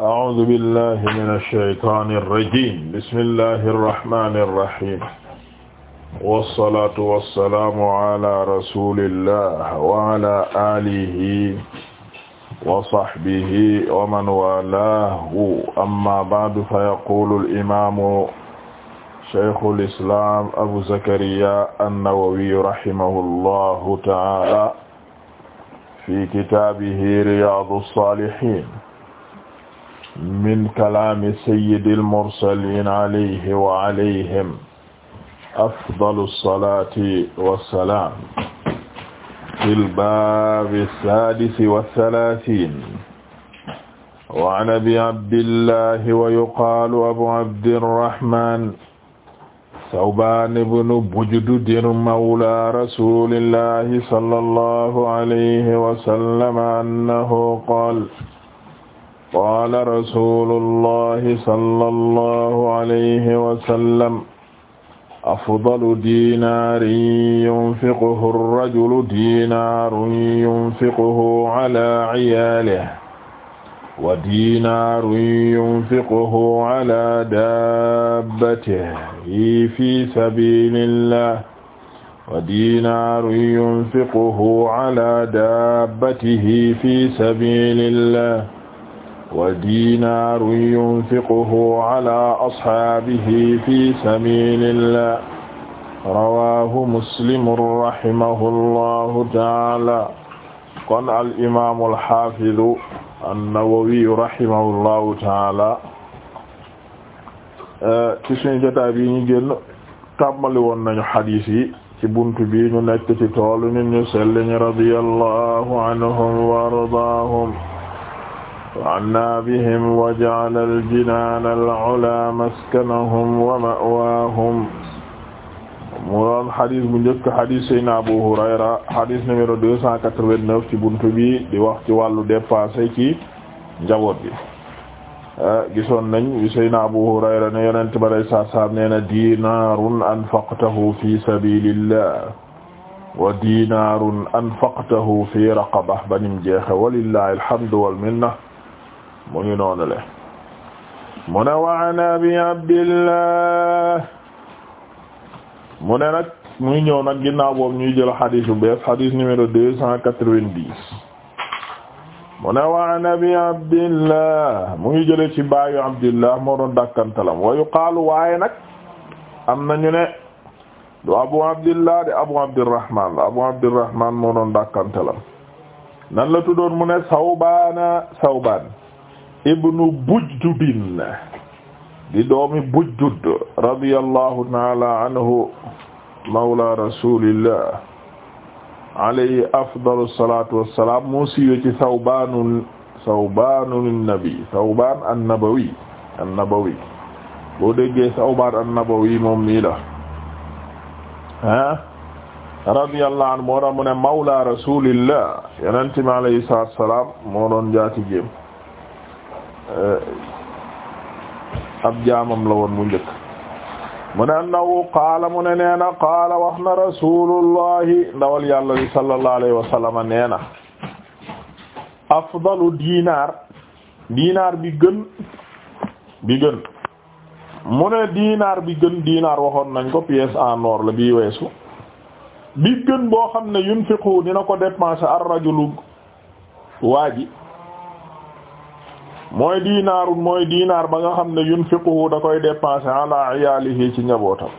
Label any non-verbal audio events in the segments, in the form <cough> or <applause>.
أعوذ بالله من الشيطان الرجيم بسم الله الرحمن الرحيم والصلاة والسلام على رسول الله وعلى آله وصحبه ومن والاه أما بعد فيقول الإمام شيخ الإسلام أبو زكريا النووي رحمه الله تعالى في كتابه رياض الصالحين min kalaami sayyidil mursaliin alayhi wa alayhim afdalu salaati wa salaam fil baabi saadisi wa salaasiin wa an abi abdillahi wa yuqaalu abu abdirrahmaan sawbaan ibnu bujdud mawlaa rasuulillahi sallallahu alayhi wa sallam annahu qaala qaala rasulullahi sallallahu alayhi wa sallam afdalu diinaarin yunfiquhu ar-rajulu diinaarun yunfiquhu ala ciyaalihi wa diinaarun yunfiquhu ala daabatihi fi sabiilillah wa diinaarun yunfiquhu ala daabatihi fi sabiilillah wa dinaaru yunfiquhu ala ashaabihi fi sabilillah rawahu muslimu rahimahu llahu taala kon al imaamu alxafidu annawawiyu rahimahu llahu taala ci suñu jotaay bi ñu génn tàmbali woon nañu xadiis yi ci buntu bi ñu nekk ci toolu nit ñu sell ñi radiyallahu anhum wa ardaahum وعنى بهم وجعل الجنان العلا مسكنهم ومأواهم mu doon xadis bu njëkk xadis Seydina Abu Hurayra xadis numéro 289 ci bunt bi di wax ci wàllu dépassé ci njaboot bi ah, gisoon nañ wi Seydina Abu Hurayra ne yonent ba lay saat saam nee na dinaarun anfaqtahu fi sabilillah wa dinaarun anfaqtahu fi raqaba banim jeexe walillahi alhamdu wal minna mu ngi noonu le mu ne wa an abi abdillah mu ne nag muy ñëw nag ginnaaw boobu ñuy jël xadis bu bees xadis numéro deux cent quatre-vingt-dix mu ne wa an abi abdillah mu ngi jële ci baayu abdillah moo doon dàkkantalam wa yuqaalu waaye nag am nañu ne lu abu abdillah de abu abdirrahman la abu abdirrahman nan la tuddoon mu ne sawbaana sawbaan ibnu Bujdudin di doomi Bujdud radiyallahu ta'ala anhu mawla rasulillah alayhi afdalu salatu wassalam mu siiwe ci Sawbaanul Sawbaanul nabi Sawbaan an-Nabawi an-Nabawi boo déggee Sawbaan an-Nabawi moom mii la ah radiyallahu anhu moo doon mu ne mawla rasulillah yonente mi alayhi salaatu wa salaam moo doon jaati jéem Euh, ab jaamam la woon mu njëkk mu ne annahu qaala mu ne nee qaala wax na rasulullahi ndawal yàlla li sallallahu alayhi wa sallama nee na afdalu diinaar diinaar bi gën bi gën mu ne diinaar bi gën diinaar waxoon nañ ko pièce en or la bii weesu bi gën boo xam ne yunfiqu dina ko dépenser ar rajulu waa mooy diinaarun mooy diinaar ba nga xam ne yunfiquhu da koy dépenser ala iyaalihi ci njabootam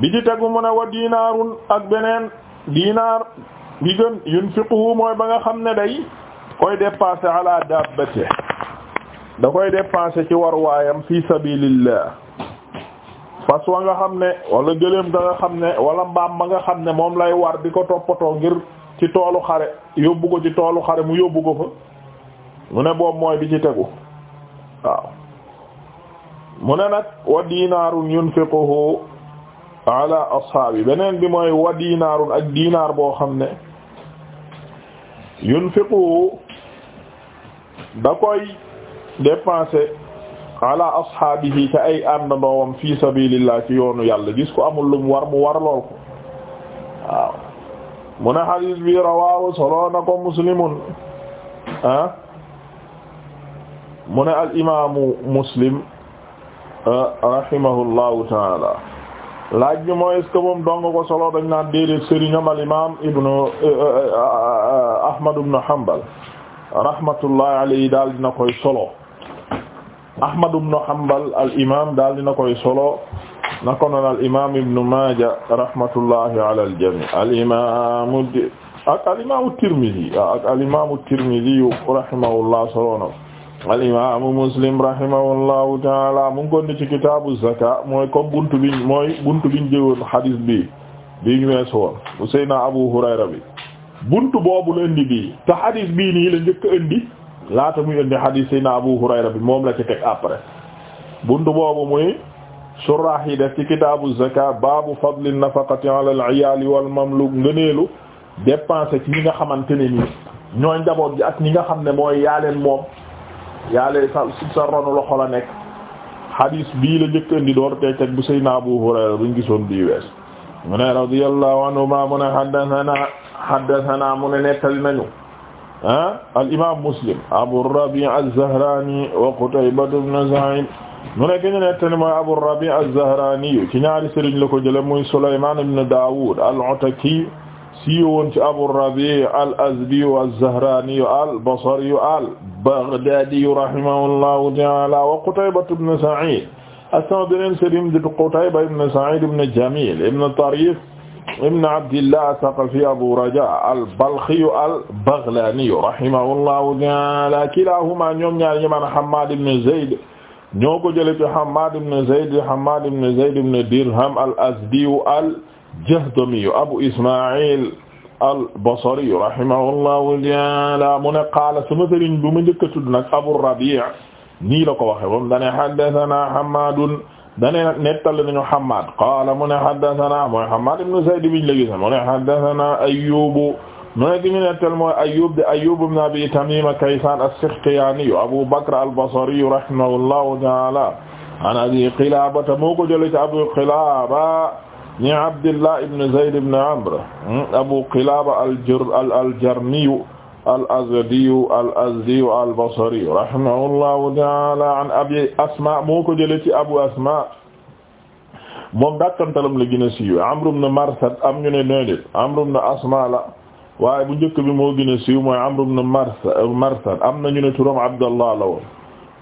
bi ci tegu mu ne wa diinaarun ak beneen diinaar bi gën yunfiquhu mooy ba nga xam ne day koy dépenser ala dabbati da koy dépenser ci war waayam fi sabilillah fas wa nga xam ne wala gëléem ga nga xam ne wala mbaam ma nga xam ne moom lay war di ko toppatoo ngir ci toolu xare yóbbu ko ci toolu xare mu yóbbu ko fa mu ne boobu mooy bi ci tegu waaw mu ne nag wa dinaarun yunfiquhu ala ashaabi beneen bi mooy wa dinaarun ak dinaar boo xam ne yunfiquhu da koy dépenser ala ashaabihi ca ay àndandoowam fi sabilillah ci yoonu yàlla gis ko amul lum war mu war lool ko waaw mu ne xadiis bi rawaahu solo na ko muslimun ah mu ne al imaamu muslim eh, rahimahullahu taala laaj bi mooy est-ce que moom dong ko solo dañ naan déedéet sëriñam al imaam ibnu eh, eh, ah, ah, ah, ahmad ibnu hanbal rahmatullahi alayhi daal dina koy solo ahmad ibnu hanbal al imaam daal dina koy solo nako noon al imaam ibnu maaja rahmatullahi ala al jamii al imaamu ak al imaamu tirmidhi ak al imaamu tirmidhi rahimahullah solo na alimamu muslim rahimahullahu taala mu ngi kon ni ci kitaabu zaka mooy comme buntu bi mooy buntu bi jëwoon hadis bi bi ñu wees woon bu Abu Hurayra bi buntu boobu la indi bii te hadis bi nii la njëkk a indi laata muy indi hadis Seydina Abu Hurayra bi moom la ci teg après buntu boobu muy surah yi def ci kitaabu zaka baabu fadli nafaqati ala al-iyaali wal mamluuk ngëneelu dépenser ci ñi nga xamante ni nii ñooy njaboot ji ak ñi nga xam ne mooy yaaleen moom yàlla sa sa ronu loxo la nekk hadis bii la njëkk indi door tey teg bu Seydina Abu Hurayra buñ gisoon bii wees mu ne radiyallahu anhuma mu ne haddathana haddathana mu ne nettali nañu ah al imam Muslim Abu Rabi' az-Zahrani wa Qutayba ibn Sa'id mu ne ki ñu nettali mooy Abu Rabi' az-Zahrani ci ñaari sëriñ la ko jële muy Sulayman ibn Dawud al-Ataki siiwoon ci Abu Rabi' al-Azdi az-Zahrani al-Basri al-Baghdadi rahimahullahu ta'ala wa Qutayba ibn Sa'id asama beneen sëriñ di Qutayba ibn Sa'id ibn Jamil ibn Tarif ibn Abdillah ath-Thaqafi Abu Raja' al-Balkhi al-Baghlani rahimahullahu ta'ala kilahuma ñoom ñaar ñi man Hammad ibn Zayd ñoo ko jëlee ci Hammad ibn Zayd Hammad ibn Zayd ibn Dirham al-Azdi al Jahdami Abu Isma'il al-Basri rahimahullahu ta'ala mu ne qaala sama sëriñ bu ma njëkk a tudd nag Abu Rabi' nii la ko waxee moom dane haddathana Hammaadun dane nettali nañu Hammaad qaala mu ne haddathana mooy Hammaad ibn Zayd biñ la gis mu ne haddathana Ayyuub mu ne ki ñu nettali mooy Ayyuub de Ayyuub ibn Abi Tamiima Kaysaan as-Sakhtiyaani Abu Bakr al-Basri rahimahullahu ta'ala an Abi Qilaaba moo ko jëlee ci Abu Qilaaba ñi Abdullah ibn Zayd ibn Amr hmm, Abu Qilaba al-Jarmiyu al-Azdiyu al-Azdiyu al-Basriyu rahimahullahu ta'ala an Abi Asma moo ko jëlee ci Abu Asma moom dakkantalam la gën a siiw Amr ibn Marsad am ñu ne déedéet Amr ibn Asma la waaye bu njëkk bi moo gën a siiw mooy Amr ibn Marsad am na ñu ne turam Abdallah la woon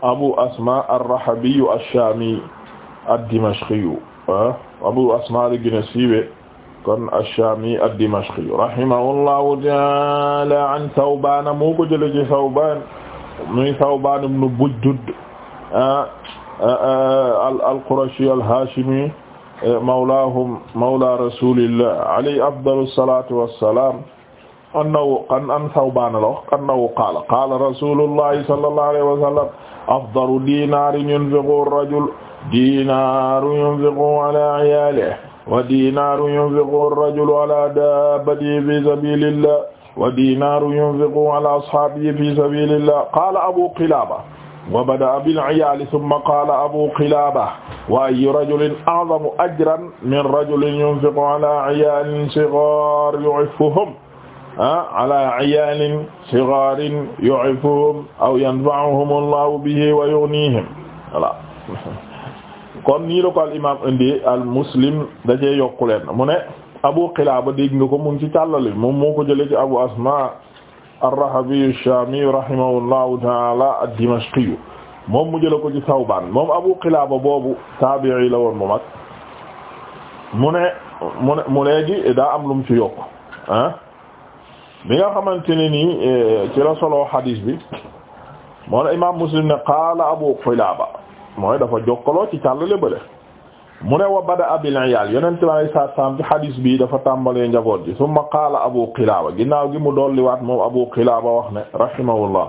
Abu Asma ar-Rahabiyu ash-Shami ad-Dimashqiyu Abu Asmaa li gën a siiwe kon ash-Shaami ad-Dimashqi rahimahullahu ta'aala an Thawbaan moo ko jëlee ci Thawbaan muy Thawbaan ibn Bujdud al-Qurashi al-Haashimi eh, mawlaahum mawla rasuulillah alayhi afdalu salaatu wa salaam annahu an an Thawbaan la wax annahu qaala qaala rasuulullahi sallallahu alayhi wa sallam afdalu dinaarin yunfiqu ar-rajul dinaaru yunfiqu ala iyaalihi wa dinaaru yunfiqu ar-rajulu ala dabbatihi fi sabilillah wa dinaaru yunfiqu ala ashaabihi fi sabilillah qaala abu qilaaba wa bada'a bil iyaali thumma qaala abu qilaaba wa ayyu rajulin a'zamu ajran min rajulin yunfiqu ala iyaalin sighaar yu'iffuhum ala iyaalin sighaarin yu'ifuhum aw yanfa'uhum allahu bihi wa yughnihim voilà <laughs> kon nii la ko al imaam indi al muslim dajee yokku leen mu ne abu qilaaba dégg nga ko mu ngi ci càllale moom moo ko jëlee ci abu asma ar-rahabi ash-shami rahimahullahu taala ad-dimashqi moom mu jëla ko ci sawbaan moom abu qilaaba boobu taabi'i la woon bu mag mu ne mu daa am lum ci yokk ah bi nga xamante ne nii eh, ci la solo hadis bi moo ne imaam muslim ne qaala abu qilaaba mooy dafa jokkaloo ci càllale bële mu ne wa bada abil iyaal yonent bi alayhi salaatu ci xadiis bi dafa tàmbalee njaboot ji summa qaala abu qilaaba ginnaaw gi mu dolliwaat moom abu qilaaba wax ne rahimahullah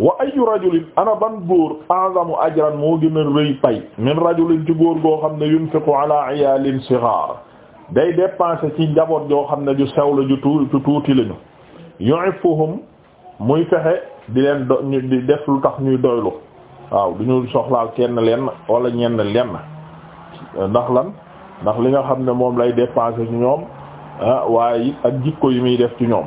wa ayu rajulin ana ban góor a'zamu ajran moo gën a rëy pay min rajulin ci góor goo xam ne yunfiqu ala iyaalin sigaar day dépenser ci njaboot joo xam ne ju sew la ju tuuti ju tuuti lañu yu'ifuhum muy fexe di leen do- di def lu tax ñuy doylu waaw du ñu soxlaal kenn lenn wala ñenn lenn ndax lan ndax li nga xam ne moom lay dépenser ci ñoom ah, waaye it ak jikko yi muy def ci ñoom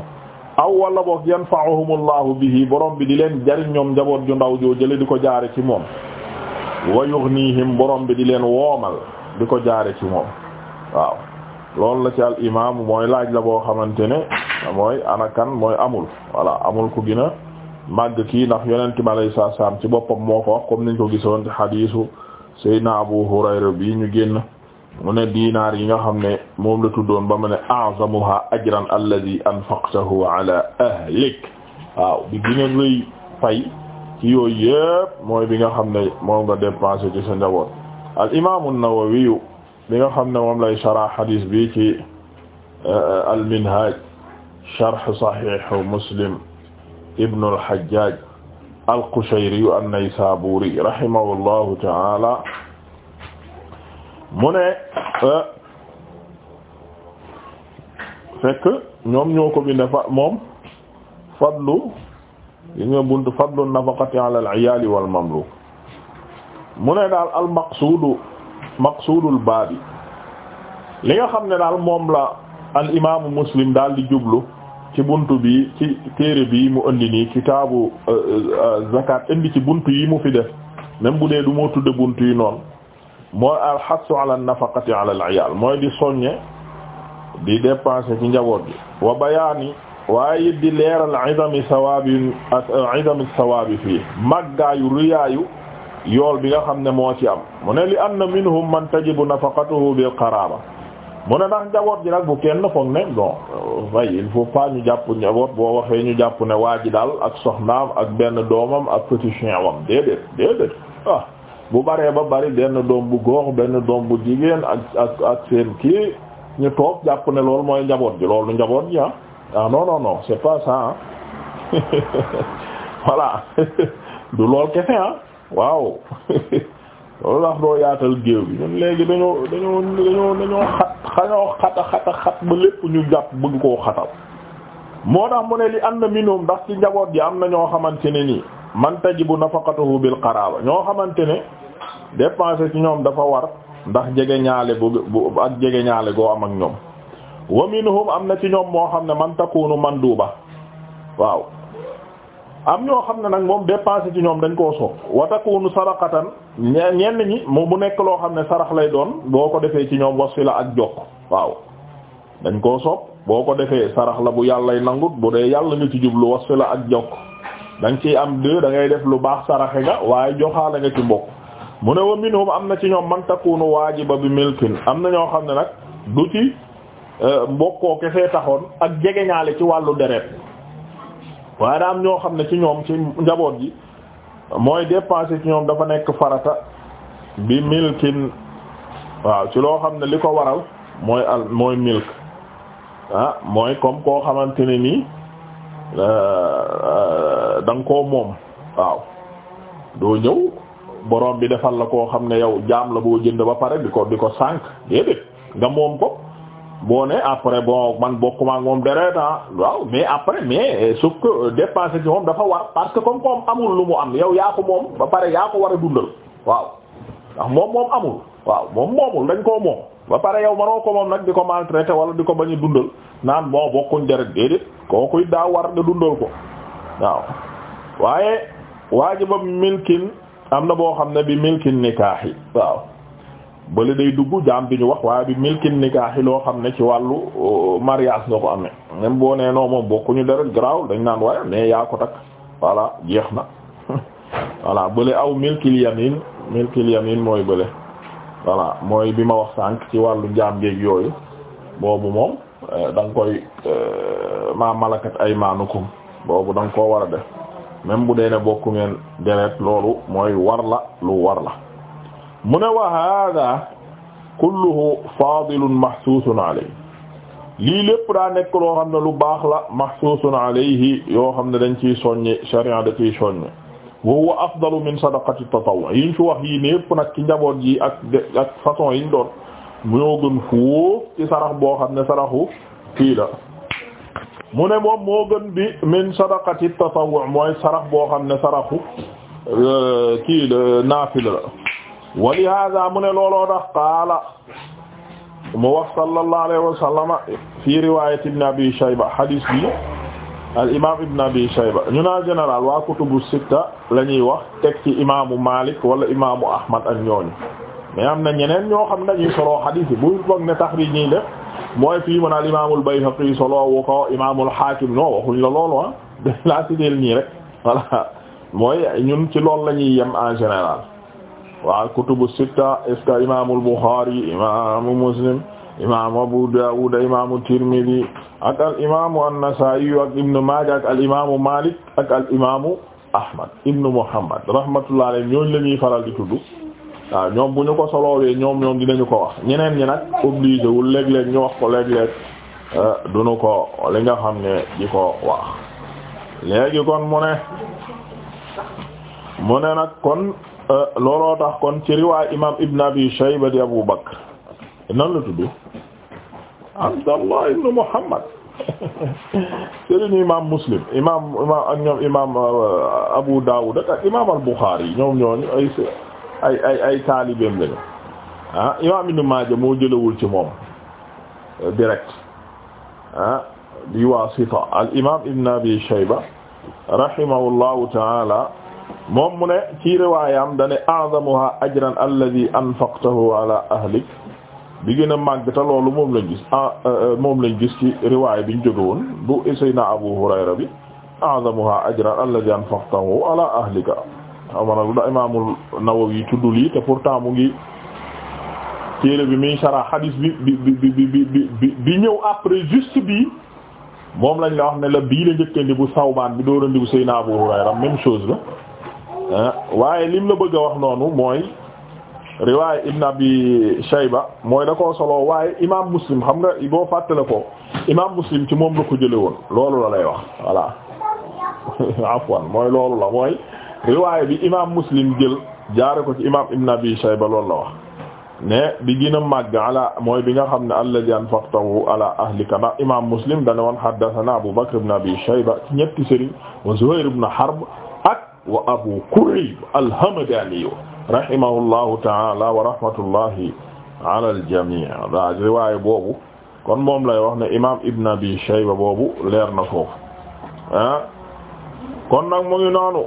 aw wala boog yanfa'uhumullahu bihi borom bi di leen jariñ ñoom njaboot yu ndaw joo jële di ko jaare ci moom wa yughnihim boroom bi di leen woomal di ko jaare ci moom waaw loolu la ci al imam mooy laaj la boo xamante ne mooy anakan mooy amul voilà amul ko gën màgg kii ndax yonent bi alayhi salaatu salaam ci boppam moo ko wax comme niñ ko gisoon ci xadiisu Seydina Abu Hurayra bii ñu génn mu ne diinaar yi nga xam ne moom la tuddoon ba mu ne a'zamuha ajran alladhi anfaqtahu ala ahlik waaw bi gën a rëy fay ci yooyu yëpp mooy bi nga xam ne moom nga dépensé ci sa njaboot al imaamu Nawawi bi nga xam ne moom lay sharh xadiis bi ci euh, al minhaj sharh sahih Muslim ibnu al-Hajjaj al-Qushayri an-Naysaburi rahimahullahu mu ne euh, fekk ñoom ñoo ko binde fa moom fadlu yi nga fadlu nafaqati ala al-iyali wal mamluk mu ne daal al-maqsudu maqsudul li nga xam ne daal moom la al imaamu Muslim daal di jublu ci buntu bi ci téere bi mu indi nii kitaabu euh, euh, euh, zakat indi ci buntu yi mu fi def même bu dee du moo tudde buntu yi noonu mooy alxassu ala nafaqati ala al iyaal mooy di soññe di dépenser ci njaboot bi wa bayaani waaye it di leeral idami sawaabi ak idami sawaabi fii màggaayu riyaayu yool bi nga xam ne moo ci am mu ne li anna minhum man tajibu nafaqatuhu bil qaraaba mu ne ndax njaboot ji nag bu kenn foog ne bon way il faut pas ñu jàpp njaboot boo waxee ñu jàpp ne waa ji daal ak soxnaam ak benn doomam ak petit chien wam déedéet déedéet ah, bu baree ba bari benn doom bu góor benn doom bu jigéen ak ak ak seen kii ñu toog jàpp ne loolu mooy njaboot ji loolu njaboot ji ah ah non non c'est pas ça <laughs> voilà <laughs> du lool kese ah waaw <laughs> loolu tax doo yaatal géew bi ñun léegi dañoo dañoo dañoo dañoo xat xañoo xata xata xat ba lépp ñu jàpp bëgg koo xatal moo tax mu ne li am na minimum ndax ci njaboot ji am na ñoo xamante ne nii man tajibu nafaqatuhu bil qaraba ñoo xamante ne dépenser ci ñoom dafa war ndax jege ñaale bu ak jege ñaale goo am ak ñoom wa minhum am na ci ñoom moo xam ne man takunu man duuba waaw am ñoo xam ne nag moom dépenser ci ñoom dañ koo sopp wa takunu sadaqatan ñenn ñi mu mu nekk loo xam ne sarax lay doon boo ko defee ci ñoom wasfi la ak jokk waaw dañ koo sopp boo ko defee sarax la bu yàllay nangut bu dee yàlla nga ci jublu wasfi la ak jokk da nga ciy am deux da ngay def lu baax saraxe nga waaye joxaale nga ci mbokk mu ne wa minhum am na ci ñoom man takunu waajiba bi milkin am na ñoo xam ne nag du ci e, mbokkoo kese taxoon ak jegeñaale ci wàllu deret waaye daa ñoo xam ne ci ñoom ci njaboot ji mooy dépenser ci ñoom dafa nekk farata bi milkin waaw ci loo xam ne li ko waral mooy al mooy milk ah mooy comme koo xamante ne nii euh, da nga koo moom waaw doo ñëw borom bi defal la koo xam ne yow jaam la boo jënd ba pare di ko di ko sànk déedéet nga moom ko boo ne après bon man bokk ak moom deret ah waaw mais après mais euh, sauf que euh, dépenser moom dafa war parce que comme amul lu mu am yow yaa moom ba pare yaa ko war a dundal waaw ndax moom moom amul waaw moom moomul dañ koo moom ba pare yow manoo ko moom nag di ko maltraiter wala di ko bañ a dundal naan bon bokkuñ deret déedéet kookuy daa war nga dundal ko waaw waaye waajiba milkin am na boo xam ne bi milkin nikaahi waaw bale day dugg jaam bi ñu wax waaye bi milkin nikaahi loo xam ne ci wàllu mariage nga ko amee même boo nee noo moom bokkuñu deret garaaw dañ naan waaye mais yaa ko takk voilà jeex na <laughs> voilà bale aw milkil yamin milkin yamin mooy bale voilà mooy bi ma wax sànq ci wàllu jaam géeg yooyu boobu moom e, da nga koy e, ma malakat aymaanukum boobu da ko koo war a def même bu dee ne bokku ngeen deret loolu mooy war la lu war la mu ne wa hada kulluhu fadilun mahsuusun alayhi lu baax la mahsuusun alayhi yoo xam ne dañ ciy soññe sharia da ciy soññe wa huwa afdalu min sadaqati tatawwu yiñ fi wax yii ne yëpp nag ci njaboot ji ak ak façon yiñ doon ñoo gën foof ci boo xam ne saraxu fii la ne moom moo gën bi min sadaqati tatawwu mooy sarax boo xam ne saraxu euh, kii la naafila wali hada mu ne looloo tax qaala mu wax sallallahu alayhi wa sallama fi riwayat ibn abi shayba hadis bi al imam ibn abi shayba ñu naa général waa kutubu sitta la ñuy wax teg ci imaamu malik wala imaamu ahmad ak ñooñu mais am na ñeneen ñoo xam dañuy soloo hadis yi bu foog ne taxrij ñuy def mooy fii mën al imaamu al bayhaqi soloo wu ko imaamu al haakim non waxuñ la loolu ah da <laughs> laa si deel ñii rek voilà mooy ñun ci loolu la ñuy yem en général wa kutubu sitta est-ce que imaamu al-Bukhari imaamu Muslim imaamu Abu Dawud imaamu Tirmidhi ak al imaamu an-Nasa'i ak ibnu Maaja ak al imaamu Malik ak al imaamu Ahmad ibnu Muhammad rahmatullahi alayhi ñooñu la faral di tudd waaw ñoom bu ñu ko soloowee ñoom ñoom dinañu ko wax ñeneen ñi nag obligé wul léeg ñu wax ko léeg-léeg euh, duñu ko li nga xam ne di ko wax léegi kon mu ne mu ne nag kon Euh, looloo tax kon ci riwaay imam Ibn Abi Shayba di Abu Bakr nan la tudd Abdallah ibn Muhammad <laughs> sëriñ imam Muslim imam euh, Abu Dawud ak imam al-Bukhari ay ay ay ah, imam Ibn Maaja moo jëlawul ci moom euh, direct bi ah, wasita al imam Ibn Abi Shayba rahimahullahu ta'ala moom mu ne ci riwaayam dane a'zamuha ajran alladhi anfaqtahu ala ahlik bi gën a màgg te loolu moom lañ gis ah, eh, eh, moom lañ gis ci riwaay biñ jóge woon bu sayna Abu Hurayra bi a'zamuha ajran alladhi anfaqtahu ala ahlika amana lu da Imaamul Nawawi tudd lii te pourtant mu ngi téere bi muy sara hadis bi bi bi bi bi ñëw après juste bii moom lañ la wax ne la bii la njëkkandi bu Sawbaan bi door bu sayna Abu Hurayra même chose la Ah, waaye lim la bëgg wax noonu mooy riwaay Ibn Abi Shayba mooy la koo solo waaye imaam Muslim xam nga boo fàttale ko imaam Muslim ci moom la ko jële woon loolu la lay wax voilà <laughs> afwan mooy loolu la mooy riwaay bi imaam Muslim jël jaare ko ci imaam Ibn Abi Shayba loolu la wax ne bi gën a màgg ala mooy bi nga xam ne alladhi anfaqtahu ala ahlika ndax imaam Muslim dane woon haddathana Abu Bakr ibn Abi Shayba ci ñetti sëriñ wa Zuhayr ibn Harb wa abu kurayb alhamadaniyu rahimahullahu taala wa rahmatullahi ala aljami daa riwaaya boobu kon moom lay wax ne imam ibn abi shayba boobu leer na foofu ah kon nag mu ngi noonu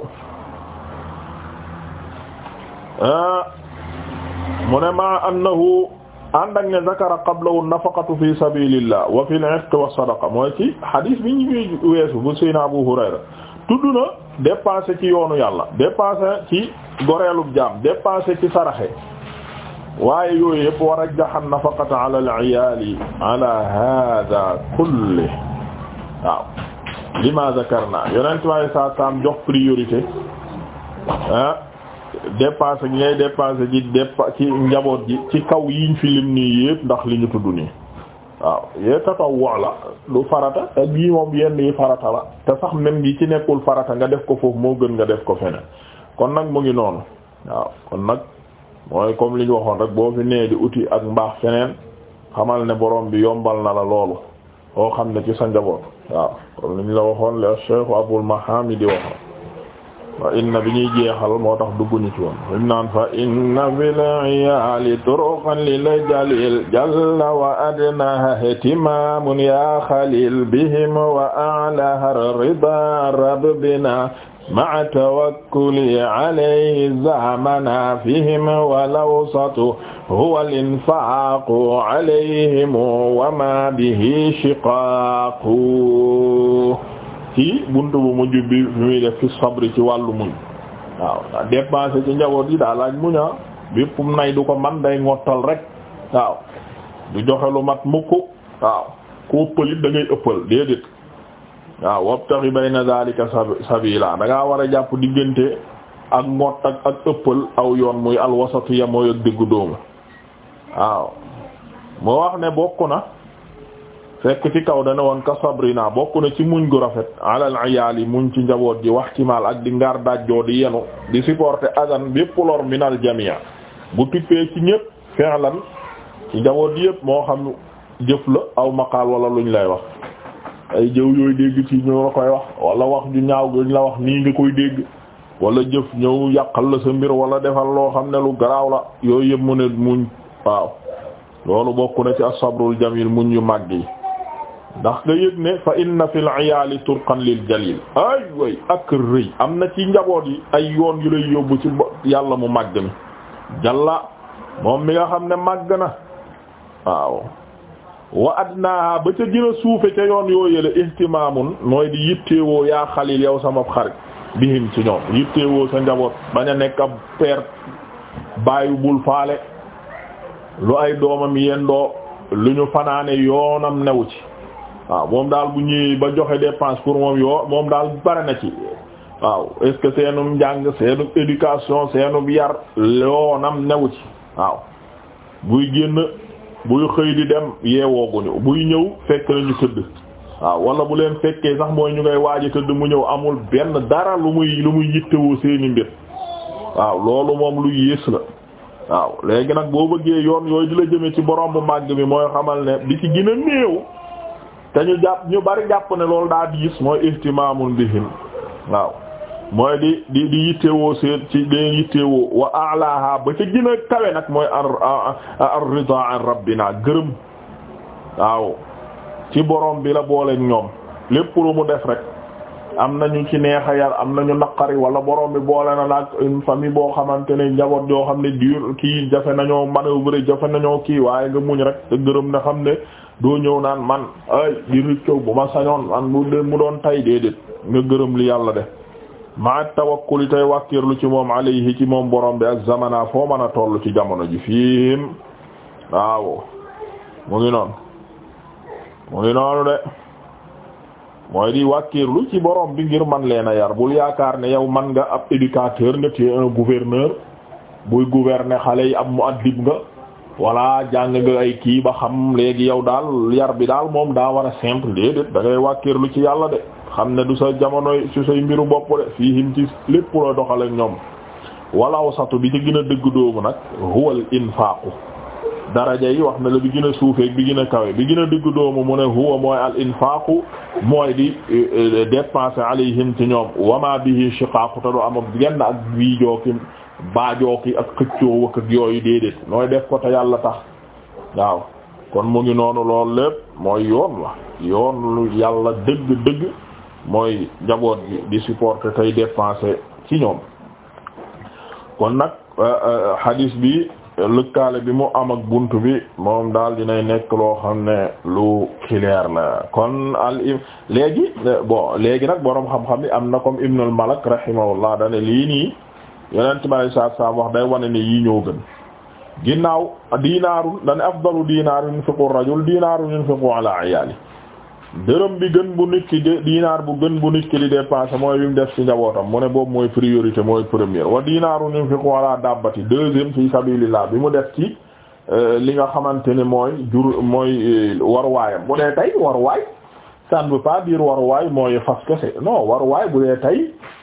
ah mu ne ma annahu ànd ak ne zakara qablahu nafaqatu fi sabilillah wa fil irq wa sadaqa mooy ci hadis bi ñu weesu bu sayna abu hurayra tudd na dépensé ci yoonu yàlla dépensé ci goreelub jaam dépensé ci saraxe waaye yooyu yëpp war a jaxan nafaqata ala al-iyaali ala hada kulli waaw lima zakarna yonent waaye saa saam jox priorité ah dépensé ñi ngay dépensé ci dép ci njaboot ji ci kaw yiñ fi lim nii yëpp ndax li ñu tudd nii waaw yee tatawwu la lu farata te bii moom yenn yi farata la te sax même yi ci nekkul farata nga def ko foofu moo gën nga def ko feneen kon nag mu ngi noonu waaw kon nag mooy comme li ñu waxoon rek boo fi nee di uti ak mbaax feneen xamal ne borom bi yombal na la loolu loo xam ne ci sa njaboot waaw comme li ñu la waxoon le Cheikh Abul Mahamid di waxoon fa inna bi ñuy jeexal moo tax dugguñu ci woon im naan fa inna fil iyaali turuqan lil jalil jalla wa adnaha ihtimamun ya xalil bihim wa a'laha rida rabbina ma'a tawakkuli alayhi zamana fihim wal awsatu huwa al infaaqu alayhim wa ma bihi shiqaaqu ci buntu bu mujj bi muy def fi sabri ci wàllu muñ waaw a dépensé ci njaboot yi daa laaj muña ah. bépp nay du ko man day ngottal rek waaw du joxe lu mat mukk waaw ku ëppalit da ëppal déedéet waaw wabtaxi bayna zalika sabila da ngaa war a jàpp diggante ak ngott ak ak ëppal aw yoon muy alwasatu ya mooy ak diggu dóomu waaw mu wax ne bokk na fekk ci kaw dana woon ka sabrina bokk na ci muñ gu rafet alal yi muñ ci njaboot ji wax ci maal ak di ngaar dajjoo di yenu di supporter adan bépp lor minal jamia bu tuppee ci ñëpp fi'lan ci njaboot ji yëpp moo xam jëf la aw maqaal wala luñ lay wax ay jëw yooyu dégg ci ñu la koy wax wala wax ju ñaaw guñ la wax nii nga koy dégg wala jëf ñëw yàqal la sa mbir wala defal loo xam ne lu garaaw la yooyu yëpp mu ne muñ waaw loolu bokk na ci a sabrul jamil muñ yu màgg yi ndax nga yëg ne fa inna fil iyaali turqan lil jalil ay way ak rëy am na ci njaboot yi ay yoon yu lay yóbbu ci yàlla mu màgg mi jalla moom mi nga xam ne màgg na waaw wa adnaa ba ca gën a suufe ca yoon yoo yële ihtimaamun mooy di yittewoo yaa xalil yow sama xarit bihim ci ñoom yittewoo sa njaboot bañ a nekk a père bàyyi bul faale lu ay doomam yendoo lu ñu fanaane yoonam new ci waaw moom daal bu ñuy ba joxe dépense pour moom yoo moom daal bare na ci waaw est seenu que seenum njàng seenum éducation seenum yar loonam newu ci waaw buy génn buy xëy di dem yeewooguñu buy ñëw fekk nañu tëdd waaw wala bu leen fekkee sax mooy ñu ngay waaji tëdd mu ñëw amul benn dara lu muy lu muy yittewoo seeni mbir waaw loolu moom lu yées la waaw léegi nag boo bëggee yoon yooyu di la jëme ci borom bu màgg bi mooy xamal ne bi ci gin a néew te ñu jàpp ñu bari jàpp ne loolu daa diis mooy bi bihim waaw mooy di di di yittewoo seen ci deen yittewoo wa a'laha ba ca gën a kawe nag mooy ar rida an rabbina gërëm waaw ci borom bi la boole ñoom lépp lu mu def rek am nañu ci neexa yar am nañu naqari wala borom bi boole na laak famille boo xamante ne njaboot yoo xam ne dur kii jafe nañoo manœuvre jafe nañoo kii waaye nga muñ rek te gërëm na xam ne doo ñëw naan man ay di riccow bu ma sañoon man bu dee mu doon tay déedéet nga gërëm li yàlla de ma tawakkuli tay wàkkirlu ci moom alayhi ci moom boroom bi ak zamana foo mën a toll ci jamono ji fiim waaw mu ngi noonu mu ngi noonu de mooy di wàkkirlu ci borom bi ngir man leen a yar bul yaakaar ne yow man nga ab éducateur nga tu es un gouverneur buy gouverner xale yi ab muaddib nga voilà jàng nga ay kii ba xam léegi yow daal yar bi daal moom daa war a simple déedéet da ngay wàkkirlu ci yàlla de xam ne du sa jamonoy su say mbiru bopp de fii him ci lépp loo doxale ñoom walaw satu bi ci gën a dëgg doomu nag huwal infaaqu daraja yi wax na la bi gën a suufeeg bi gën a kawe bi gën a diggu doomu mu ne huwa mooy al infaaqu mooy di euh, euh, dépenser alayhim ci ñoom wama bihi shiqaaqu te du am genn ak bii jookim baajoo ki ak xëccoo wëkk ak yooyu déedéet nooy def ko te yàlla tax waaw kon mu ngi noonu lool lépp mooy yoon la yoon lu yàlla dëgg-dëgg mooy njaboot bi di supporter tey dépenser ci ñoom kon nag euh, euh, hadis bi lëkkaale bi mu am ak bunt bi moom daal dinay nekk loo xam ne lu clair la kon al im léegi euh, bon léegi nag boroom xam-xam yi am na comme ibnul malak rahimahullah dane lii nii yonent bi alayhi salaatu salaam wax day wane ne yii ñoo gën ginnaaw dinaarun dane afdalu dinaaru yunfiqu rajul dinaaru yunfiqu ala ayaali dërëm bi gën bu nit ki dinaar bu gën bu nit ki di dépenser mooy bi mu def ci njabootam mu ne boobu mooy priorité mooy première wa dinaaru yunfiqu ala dabbati deuxième fi sabilillah bi mu def ci euh, li nga xamante ne mooy jur mooy euh, war waayam bu dee tey war waay ça ne veut waruwaay mooy fas kese non waruwaay bu dee tey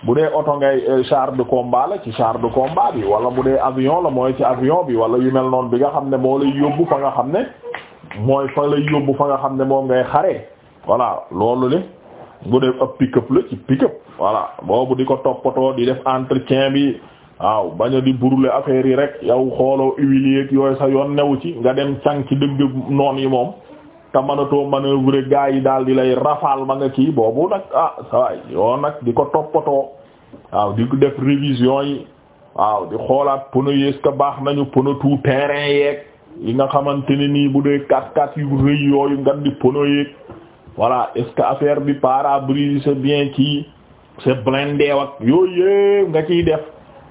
bu dee oto ngay euh, char de combat la ci char de combat bi wala bu dee avion la mooy ci avion bi wala yu mel noonu bi nga xam ne moo lay yóbbu fa nga xam ne mooy fa lay yóbbu fa nga xam ne moom ngay xare voilà loolu le bu dee ab pick-up la ci pick-up voilà boobu di ko toppatoo di def entretien bi waaw bañ a di brûler affaire yi rek yow xooloo huilier yooyu sa yoon newu ci nga dem càng ci dëgg noon yi moom te mënatoo manœuvre gaa yi daal di lay rafaal ma nga kii boobu nag ah saway yoo nag di ko toppatoo waaw di ku def révision yi waaw di xoolaat pneu yi est-ce baax nañu pneu tout terrain yeeg yi nga xamante ne nii bu dee 4x4 yu rëy yooyu ngan di pneu yeeg voilà est-ce affaire bi pare-brise c'est bien kii c'est blindé ak yooyu yëpp nga ciy def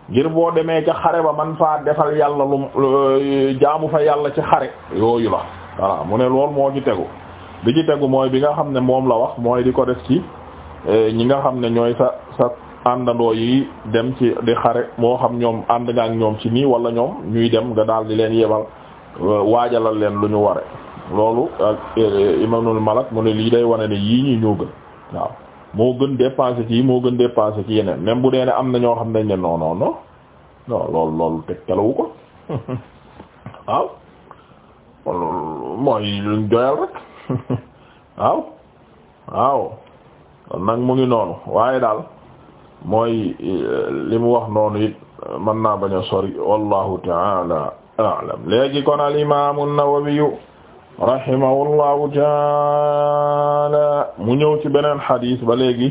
ngir boo demee ca xare ba man faa defal yàlla lu jaamu fa yàlla ci xare yooyu la voilà mu ne lool moo ci tegu bi ci tegu mooy bi nga xam ne moom la wax mooy di ko def ci eh, ñi nga xam ne ñooy sa àndandoo yi dem ci di xare moo xam ñoom ànd nga ak ñoom ci nii wala ñoom ñuy dem nga daal di leen yebal eh, waajalal leen lu ñu ware loolu ak eh, imanul malak mu ne lii day wane ne yii ñi ñoo gën waaw moo gën dépenser ci moo gën dépenser ci yeneen même bu dee ne am na ñoo xam ne non non non non loolu teg talawu ko <laughs> waaw mooy luñ doyal rek waaw waaw kon mu ngi noonu waaye daal mooy eh, li mu wax noonu it mën naa ba a sori taala a'lam léegi kon al imam an-Nawawi rahimahullahu taala mu ñëw ci beneen xadiis ba léegi